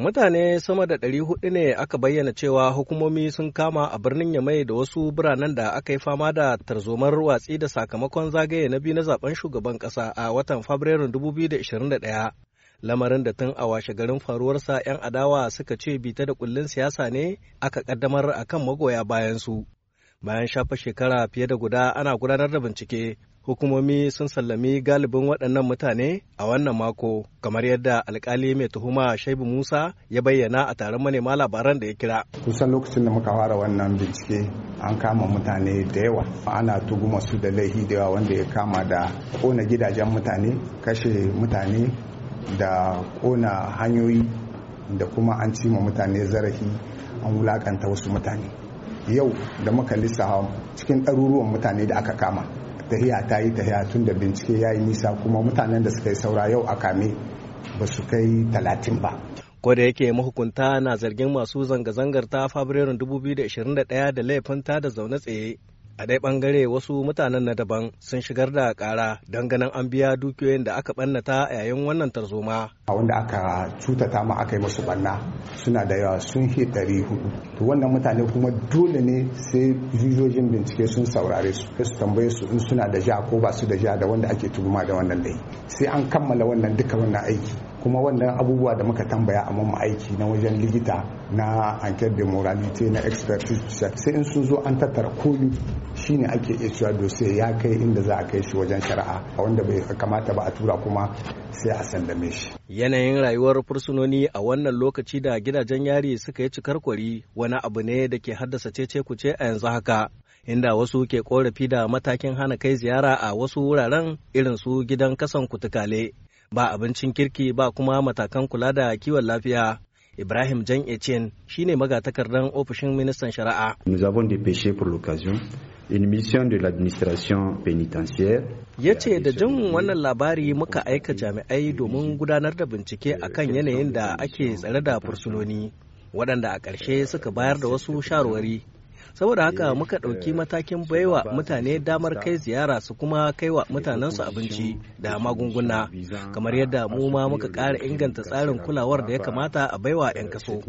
Mutane sama da ɗari hudu ne aka bayyana cewa hukumomi sun kama a birnin Yamai da wasu biranen da aka yi fama da tarzomar watsi da sakamakon zagaye na biyu na zaben shugaban ƙasa a watan Fabrairun 2021. Lamarin da tun a washe garin faruwarsa 'yan adawa suka ce bita da kullin siyasa ne aka kaddamar akan magoya bayansu. Bayan shafa shekara fiye da guda ana gudanar da bincike, hukumomi sun sallami galibin waɗannan mutane a wannan mako kamar yadda alkali mai tuhuma shaibu musa ya bayyana a taron manema labaran da ya kira kusan lokacin da muka fara wannan bincike an kama mutane da yawa ana tuguma su da laifi da yawa wanda ya kama da kona gidajen mutane kashe mutane da kona hanyoyi da kuma an cima mutane zarafi an wulakanta wasu mutane yau da muka lissafa cikin ɗaruruwan mutane da aka kama tahiya ta yi tahiya tun da bincike ya yi nisa kuma mutanen da suka yi saura yau a kame ba su kai talatin ba da yake mahukunta na zargin masu zanga-zangar ta fabrairun 2021 da laifin ta da zaune tsaye a ɗaya bangare wasu mutanen na daban sun shigar da kara don ganin an biya dukiyoyin da aka ɓannata a yayin wannan tarzoma. a wanda aka cutata ma aka yi musu banna suna da yawa sun hi ɗari hudu to wannan mutane kuma dole ne sai jujojin bincike sun saurare su su tambaye su in suna da ja ko ba su da ja da wanda ake tuhuma da wannan laifi sai an kammala wannan duka wannan aiki kuma wannan abubuwa da muka tambaya a mamma aiki na wajen likita na anker de moralité na expertise sai in sun zo an tattara komi shine ake iya dosai ya kai inda za a kai shi wajen shari'a a wanda bai kamata ba a tura kuma sai a sandame shi yanayin rayuwar fursunoni a wannan lokaci da gidajen yari suka yi cikar kwari wani abu ne da ke haddasa cece kuce a yanzu haka inda wasu ke korafi da matakin hana kai ziyara a wasu wuraren irin su gidan kasan kutukale ba abincin kirki ba kuma matakan kula da kiwon lafiya Ibrahim Jan Etienne shine magatakardan ofishin ministan shari'a. Nous avons une mission de l'administration pénitentiaire ya ce da jin wannan labari muka aika jami'ai domin gudanar da bincike akan yanayin da ake tsare da fursunoni waɗanda a ƙarshe suka bayar da wasu sharwari saboda haka eh, muka ɗauki eh, matakin baiwa mutane damar kai ziyara su kuma kaiwa mutanensu abinci da magunguna kamar yadda mu ma muka ƙara inganta tsarin kulawar da ya kamata a baiwa 'yan eh, kaso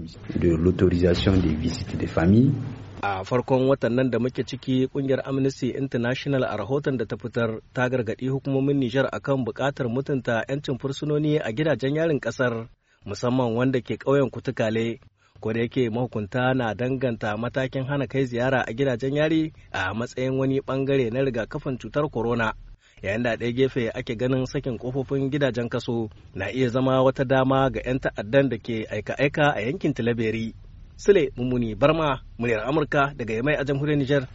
a farkon watan nan da muke ciki kungiyar amnesty international a rahoton da ta fitar ta gargaɗi hukumomin nijar akan buƙatar mutunta 'yancin fursunoni a gidajen yarin ƙasar musamman wanda ke ƙauyen kutukale ko da yake mahukunta na danganta matakin hana kai ziyara a gidajen yari a matsayin wani bangare na rigakafin cutar corona yayin da ɗaya gefe ake ganin sakin kofofin gidajen kaso na iya zama wata dama ga 'yan ta'addan da ke aika-aika a yankin tilaberi sule mummuni barma muryar amurka daga yamai a jamhuriyar Nijar.